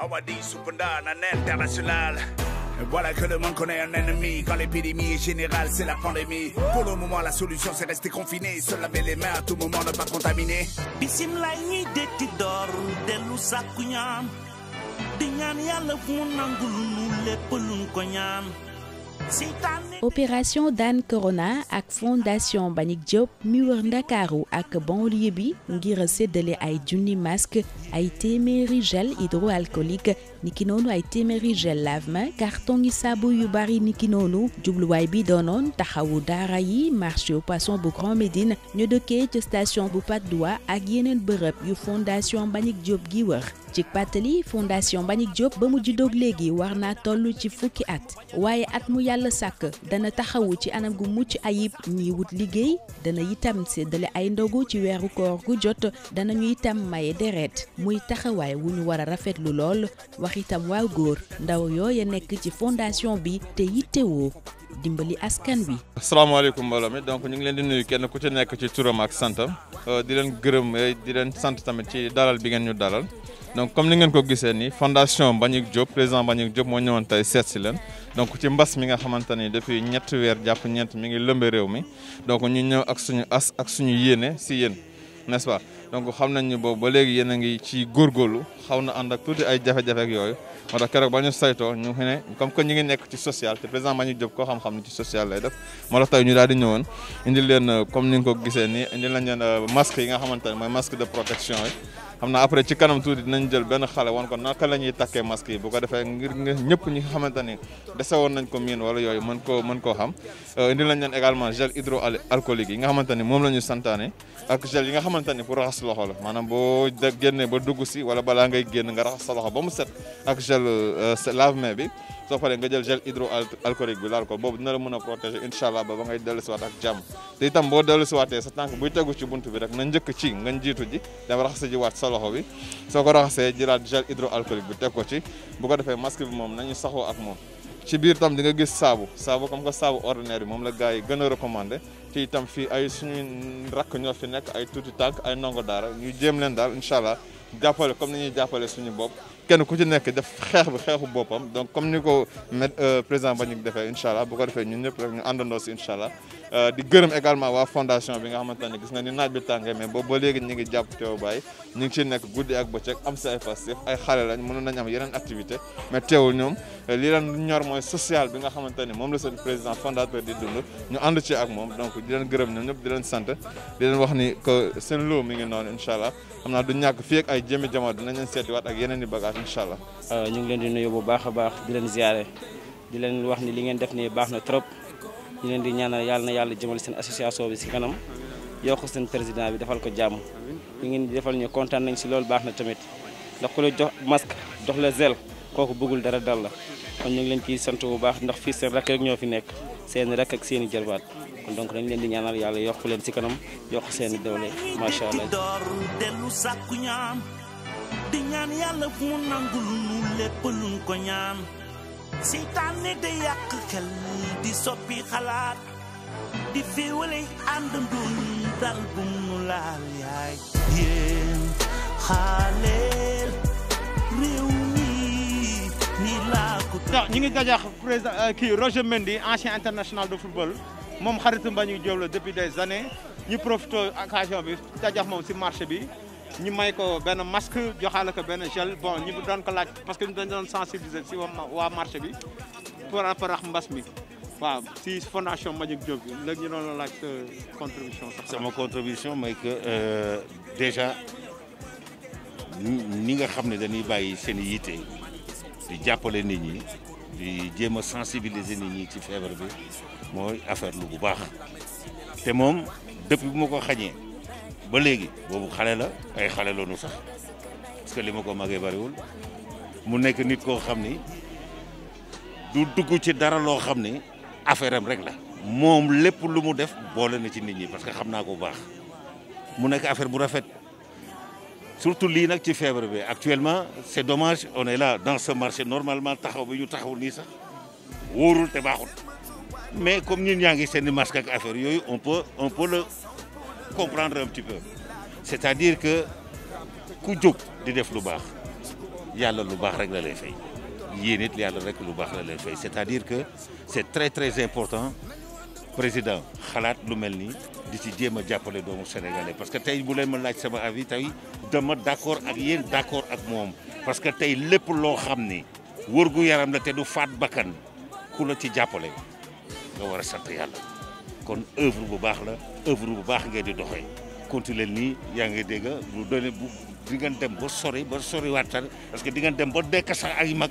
Awadi Supanda, un international. Voilà que le monde connaît un ennemi. Quand l'épidémie est générale, c'est la pandémie. Pour le moment, la solution, c'est rester confiné. Se laver les mains à tout moment, ne pas contaminer. Bisim la ñi de ti dor delu sakku ñaan di ñaan yàlla mu nangul nu lépp ko ñaan opération daan corona ak fondation Mbagnick Diop mi wër ndakaaru ak banlieue bi ngir séddale ay junni masque ay téeméeri gel hydroalcoolique niki noonu ay téeméeri gel lave-main carton yi saabu yu bari niki noonu jubluwaay bi doonoon taxawu daara yi marché au poisson bu Grand Médine ñu dëkkee ci bu Patte d'Oie ak yeneen bërëb yu fondation Mbagnick Diop gi wër ci pàttali fondation Mbagnick Diop ba mu juddoog léegi war naa toll ci fukki at waaye at mu yàlla sàkk dana taxawu ci anam gu mucc ayib ñiy wut liggéey dana itam séddale ay ndogu ci weeru koor gu jot dana ñu itam maye deret muy taxawaay wu ñu war a rafetlu lool itam waaw góor ndaw yooya nekk ci fondation bi te yittewoo dimbali askan wi. asalaamaaleykum mbooloo mi donc ñu ngi leen di nuyu kenn ku ci nekk ci turam ak santam euh, di leen gërëm euh, di leen sant tamit ci dalal bi ngeen ñu dalal donc comme ni ngeen ko gisee nii fondation Mbagnick présent ba Mbagnick Diop moo ñëwoon tey seet si leen donc ci mbas mi nga xamante ni depuis ñetti weer jàpp ñeent mi ngi lëmb réew mi donc ñu ñëw ak suñu as ak suñu yéene si yéen. n'est-ce pas donc xam nañ ne boobu ba léegi yéen a ngi ci góorgóorlu xaw na ànd ak tuuti ay jafe-jafe ak yooyu moo tax keroog ba ñu saytoo ñu comme que ñu ngi nekk ci social te président Mbagnick Diop koo xam-xam ne ci social lay def moo tax tey ñu daal di ñëwoon indil leen comme ni nga ko gisee ni indil nañ leen euh, masque yi nga xamante ne mooy masque de protection xam na après ci kanam tuuti dinañ jël benn xale wan ko naka la ñuy takkee masque yi bu ko defee ngir ñëpp ñi nga xamante ni dese woon nañ ko miin wala yooyu man koo mën koo xam euh, indi lañ leen également gel hydroalcoolique yi nga xamante ni moom la ñu santaane ak gel yi nga xamante ni raxas loxo la maanaam boo génnee ba dugg si wala balaa ngay génn nga raxas sa loxo ba mu set ak gel euh, lave-mains bi soo paree nga jël jël gel hydroalcoolique bi laal ko boobu dina la mën a protéger incha allah ba ba ngay dellu siwaat ak jàmm te itam boo dellu siwaatee tànk buy tegu ci bunt bi rek na njëkk ci nga njiitu ji dem raxas sa loxo bi soo ko raxasee jëlaat gel hydroalcoolique bi teg ko ci bu ko defee masque bi moom nañu saxoo ak moom ci biir tam di nga gis saabu saabu comme que saabu ordinaire bi moom la gars yi gën a recommandé ci itam fii ay suñuy rakk ñoo fi nekk ay tuuti tànk ay ndongo daara ñu jéem leen daal incha allah jàppale comme ni jàppale suñu bopp kenn ku ci nekk def xeex bi xeexu boppam donc comme ni ko euh, président ba ñu defee incha allah ko defee ñun ñëpp rek ñu àndandoo si incha allah euh, di gërëm fondation bi nga xamante ne gis nga naaj bi tàngee mais boobu ba léegi ñu ngi jàpp teew bàyyi ñu ngi nekk guddi ak bëccëg am si ay passif nañ am yeneen activité mais teewul ñoom euh, li leen ñor mooy social bi nga xamante ne moom la seen président fondateur di ñu ànd ci ak moom donc di gërëm ñoom ñëpp di leen sant di leen wax ni que seen loo mi ngi noonu incha allah xam naa du ñàkk fii ak ay jëmi jamono dinañ leen seetiwaat ak yeneen i bagage incha allah. Euh, ñu ngi leen di nuyu bu baax a baax di leen ziare di leen wax ni li ngeen def nii baax na trop ñu leen di ñaanal yàlla na yàlla jëmal seen association bi si kanam yokk seen président bi defal ko jàmm li ngeen defal ñu kontaan nañ si lool baax na tamit ndax ku la jox masque jox la zel kooku bëggul dara dal la kon ñu ngi leen ciy sant bu baax ndax fii seen rek ñoo fi nekk seen rakk ak seen i jarbaat kon donc dañ leen di ñaanal yàlla yokk leen si kanam yokk seeni doole macha allah. door dellu sàkku ñaan ñaan yàlla fu mu nangul nu lépp luñ ko ñaan seytaane de yàq xel di soppi xalaat di féewale àndandoo dal bu mu laal yaay yéen xaaleel réew mi ni laa ko. ñu ngi dajax président euh, kii Roger Mendy ancien international de football. moom xaritu Mbagnick Diop la depuis des années ñu profité occasion bi tajax moom si marché bi ñu may ko benn masque joxaale ko benn gel bon ñu doon ko laaj parce que ñu dañ doon sensibiliser si waa marché bi pour rapport mbas mi waaw si fondation Mbagnick Diop bi léegi ñu doon la laaj contribution sax sama contribution mooy que euh, déjà ñi nga xam ne dañuy bàyyi seen yitte di jàppale nit ñi di jéem a sensibiliser nit ñi ci feebar bi mooy affaire lu bu baax te moom depuis bu ma ko xañee ba léegi boobu xale la ay xale loonu sax parce que li ma ko maggee bariwul mu nekk nit koo xam ni du dugg ci dara loo xam ni affaire am rek la. moom lépp lu mu def boole na ci nit ñi parce que xam naa ko bu baax mu nekk affaire bu rafet. surtout lii nag ci feebar bi actuellement c'est dommage on est là dans ce marché normalement taxaw bi ñu taxaw nii sax wóorul te baaxul mais comme ñun ñaa ngi seen i masque affaire yooyu on peut on peut le comprendre un petit peu c'est-à-dire que ku jóg di def lu baax yàlla lu baax rek la lay fay yéen it yàlla rek lu baax la lay fay c'est-à-dire que c'est très très important président xalaat lu mel nii di ci jéem a jàppale doomu sénégalais parce que tey bu leen ma laaj sama avis tey dama d'accord ak yéen d'accord ak moom parce que tey lépp loo xam ni wërgu yaram la te du faat bakkan ku la ci jàppale nga war a sant yàlla kon œuvre bu baax la œuvre bu baax ngeen di doxe continuer nii yaa ngi dégga lu doone bu di ngeen dem ba sori ba sori waat parce que di ngeen dem ba dekk sax ay mag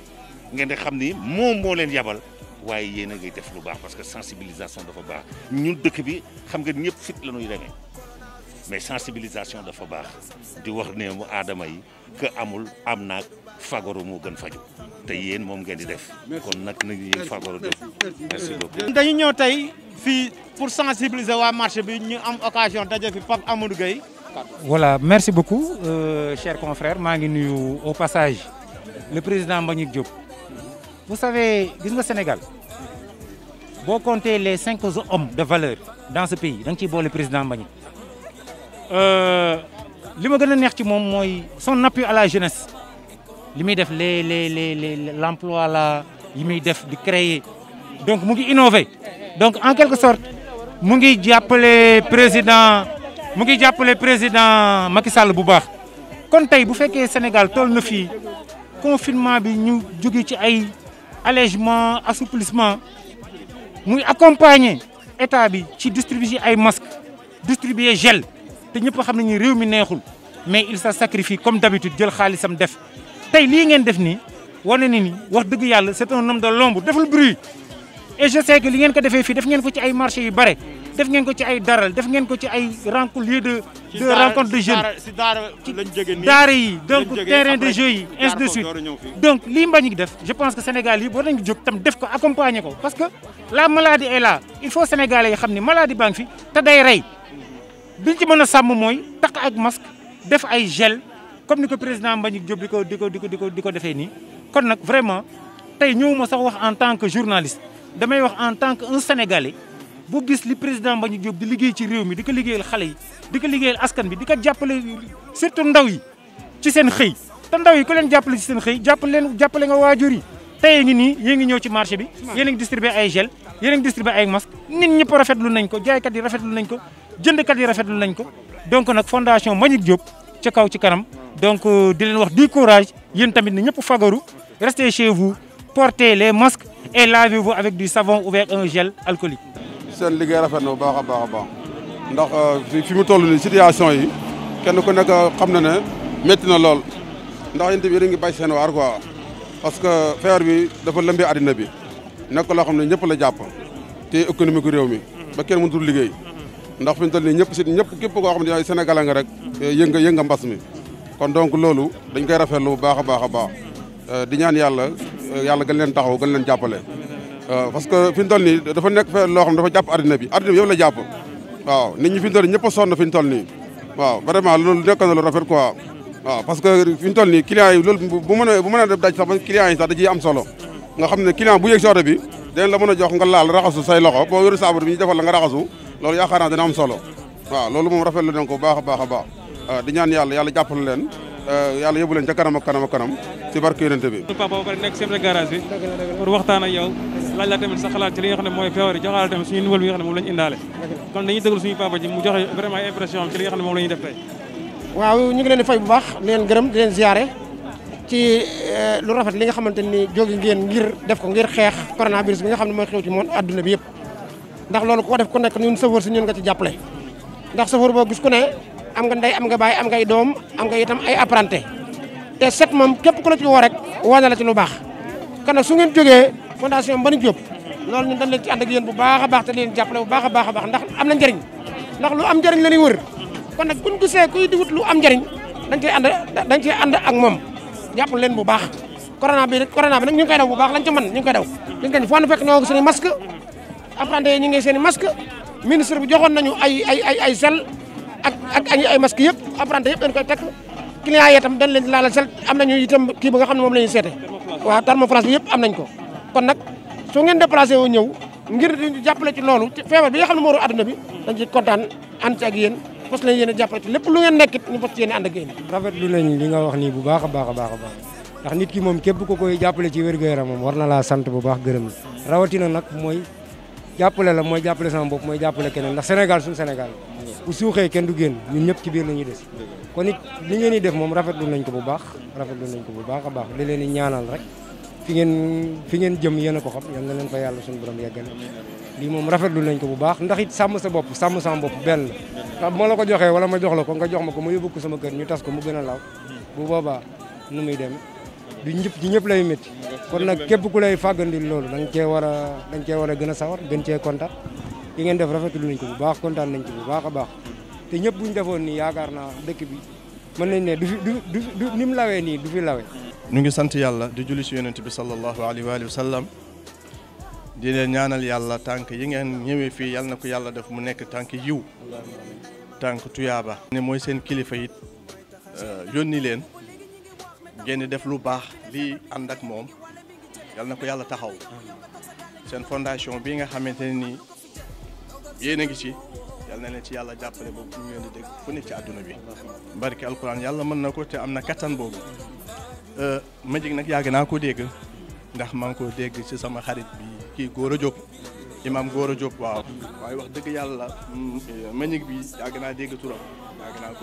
ngeen di xam ni moom moo leen yabal waaye yéen a ngay def lu baax parce que sensibilisation dafa baax ñun dëkk bi xam nga ñëpp fit la ñuy demee mais sensibilisation dafa baax di wax ne mu aadama yi que amul am naag fagoro moo gën faju te yéen moom ngeen di def kon nag nañu yéen fagaru def dañu ñëw tey fii pour sensibiliser waa marché bi ñu am occasion daje fi Pape Amadou Gueye. voilà merci beaucoup euh, cher confrère maa ngi nuyu au passage le président Mbagnick Diop. vous savez gis nga Sénégal boo compter les cinq hommes de valeur dans ce pays da nga ciy boole président Mbagnick euh, li ma gën a neex ci moom mooy son appui à la jeunesse li muy def les les les l'emploi la yi muy def di créer donc mu ngi innover donc en quelque sorte mu ngi jàppale président mu ngi jàppale président Macky Sall bu baax kon tey bu fekkee Sénégal toll na fii confinement bi ñu jóge ci ay allègement assouplissement muy accompagner état bi ci distribuer ay masques distribuer gel te ñëpp xam nañu réew mi neexul mais il se sacrifie comme d'habitude jël xaalisam def tey lii ngeen def nii wane ni ni wax dëgg yàlla c'est un homme de l'ombre deful bruit et je li ngeen ko defee fii def ngeen ko ci ay marché yu bare def ngeen ko ci ay daral def ngeen ko ci ay rencontre lieu de de rencontre de jeunes ci daara yi donc terrain de jeu yi ainsi de suite donc lii mbañu def je pense que Sénégal yi war nañu jóg tam def ko accompagner ko parce que la maladie est là il faut Sénégalais yi xam ne maladie baa ngi fi te day rey biñ ci mën a sàmm mooy takk ak masque def ay gel comme ni ko président Mbagnick Diop di ko di ko di ko di ko defee nii kon nag vraiment tey ñëwuma sax wax en tant que journaliste damay wax en tant que un sénégalais boo gis li président Mbagnick Diop di liggéey ci réew mi di ko liggéeyal xale yi di ko liggéeyal askan bi di ko jàppale surtout ndaw yi ci seen xëy te ndaw yi ku leen jàppale ci seen xëy jàppale leen jàppale nga waajur yi tey ngi nii yéen ngi ñëw ci marché bi yéen a ngi distribué ay gel yéen a ngi distribué ay masque nit ñëpp rafetlu nañ ko jaaykat yi rafetlu nañ ko jëndkat yi rafetlu nañ ko donc nag fondation Mbagnick Diop ca kaw ci kanam donc euh, di leen wax du courage yéen tamit ne ñëpp fagaru restez chez les masques et lavez-vous avec du savon ou avec un seen liggéey rafet na bu baax a baax a baax ndax euh, fi mu toll nii situation yi kenn ku nekk xam na ne métti na lool ndax yéen tamit yéen ngi bay seen waar quoi parce que feebar bi dafa lëmbee àddina bi nekk loo xam ne ñëpp la jàpp te économique réew mi ba kenn mu dul liggéey ndax fi mu toll ñëpp si ñëpp képp koo xam ne Sénégal nga rek eh, yënga yënga mbas mi kon donc loolu dañ koy rafetlu bu baax a baax a baax euh, di ñaan yàlla euh, yàlla gën leen taxaw gën leen jàppale waaw parce que fi ñu toll nii dafa nekk fee loo xam ne dafa jàpp addina bi addina bi yëpp la jàpp waaw nit ñi fi ñu toll nii ñëpp a sonn fi ñu toll nii waaw vraiment loolu nekk na lu rafet quoi waaw parce que fi ñu bu mën a bu mën a def daj sax ba client yi sax da ciy am solo nga xam ne client bu yëg si oto bi dañ la mën a jox nga laal raxasu say loxo boo yoru saabu bi ñu la nga raxasu loolu yaakaar naa dina am solo waaw loolu moom rafetlu nañ ko baax a baax a baax ah, di ñaan yàlla yàlla jàppale leen ah, laaj laa tamit sa xalaat ci li nga xam ne bu baax di leen gërëm di leen ziare ci eh, lu rafet li nga xamante ni jóge ngeen ngir def ko ngir xeex coronavirus bi nga xam ne mooy xew ci moom adduna bi yëpp ndax loolu ko def ku nekk ñun safar si ñun nga ci jàppale ndax safar boo gis ku ne am nga ndey am nga baay am ngay doom am nga itam ay apprenti te set moom képp ku la ci woo rek wane la ci lu baax kon su ngeen jógee fondation Mbane Diop loolu ñun dañ leen yéen bu baax a baax te leen jàppale bu baax a baax a ndax am na njëriñ ndax lu am njëriñ la ñuy wër kon nag buñ gisee kuy di wut lu am njëriñ dañ cey ànd dañ cey ànd ak moom jàppale leen bu baax corona bi corona bi nag ñu ngi koy daw bu baax lañ ci man ñu ngi koy daw liñ koy foo na fekk ñoo ngi seen i masque apprenti yi ñu ngi seen ministre bi joxoon nañu ay ay ay ay sel ak ak ay masque yëpp apprenti yëpp dañ koy tekk client yi itam leen laalal sel am nañu itam kii ba nga xam ne moom la ñuy seete waaw thermoflash yëpp am nañ ko kon nag su ngeen déplacé wu ñëw ngir jàppale ci loolu ci feebar bi nga xam ne moo doon adduna bi dañ ci kontaan ànd ci ak yéen fas lañ yéen a jàppale ci lépp lu ngeen nekkit ñu fas yéen ànd ak yéen rafetlu nañ li nga wax nii bu baax a baax a baax a baax nit ki moom képp ku koy jàppale ci wér-gu-yaramam war na laa sant bu baax gërëm la rawatina nag mooy jàppale la mooy jàppale sama bopp mooy jàppale keneen ndax Sénégal suñu Sénégal bu suuxee kenn du génn ñun ñëpp ci biir la ñuy des kon it li ngeen di def moom rafetlu nañ ko bu baax rafetlu nañ ko bu baax a baax di leen ñaanal rek fi ngeen fi ngeen jëm yéen ko xam yal na leen fa yàlla suñu borom yeggale lii moom rafetlu nañ ko bu baax ndax it sàmm sa bopp sàmm sam bopp benn la moo la ko joxee wala ma jox la ko nga jox ma ko ma yóbbu ko sama kër ñu tas ko mu gën a laaw bu boobaa nu muy dem du ñëpp ci ñëpp lay métti kon nag képp ku lay fàggandil loolu da nga cee war a da cee war a gën a sawar gën cee kontaan li ngeen def rafetlu nañ ko bu baax kontaan nañ ci bu baax a baax te ñëpp buñ defoon nii yaakaar naa dëkk bi mën nañ ne ni mu lawee nii du fi lawee ñu ngi sant yàlla di julli si yonent bi sallallahu alayhi wa sallam di leen ñaanal yàlla tànk yi ngeen ñëwee fii yàlla na ko yàlla def mu nekk tànk yiw tànk tuyaaba. ne mooy seen kilifa it euh, yónni leen ngeen def lu baax lii ànd ak moom yàlla na ko yàlla taxaw seen fondation bi nga xamante ne nii yéen a ngi ci yàlla na leen ci yàlla jàppale boobu ñu ngeen di fu ne ci àdduna bi. barke alquran yàlla mën na ko te am na kattan boobu. Euh, Magic nag yàgg naa ko dégg ndax maa ngi ko dégg si sama xarit bi kii Gora Diop imam Gora Diop waaw waaye wax dëgg yàlla mm, Magic bi yàgg naa dégg turam yàgg naa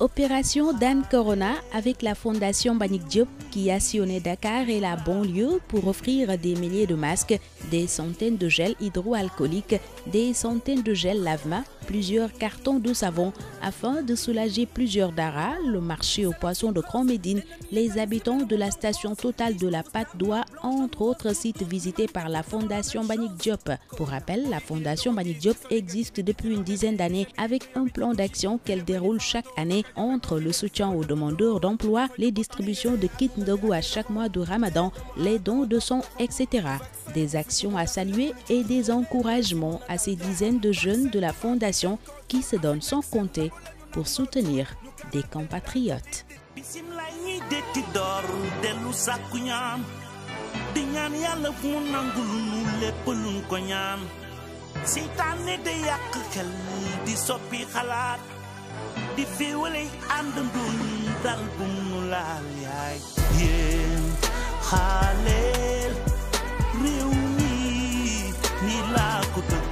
Opération Dan Corona avec la Fondation Mbagnick qui a sillonné Dakar et la banlieue pour offrir des milliers de masques, des centaines de gels hydroalcooliques, des centaines de gels lave plusieurs cartons de savon afin de soulager plusieurs daras, le marché aux poissons de Grand Médine, les habitants de la station Total de la Patte d'Oie, entre autres sites visités par la Fondation Banik Diop. Pour rappel, la Fondation Banik Diop existe depuis une dizaine d'années avec un plan d'action qu'elle déroule chaque année entre le soutien aux demandeurs d'emploi, les distributions de kits Ndogo à chaque mois de Ramadan, les dons de sang, etc. Des actions à saluer et des encouragements à ces dizaines de jeunes de la Fondation qui se donnent sans compter pour soutenir des compatriotes. di ñaan yàlla mu nangul nu lépp ko ñaan seytaane day yàq xel di soppi xalaat di féewale àndandoo ñu dal bu mu laal yaay yéen xaaleel réew mi ni laa ko bëgg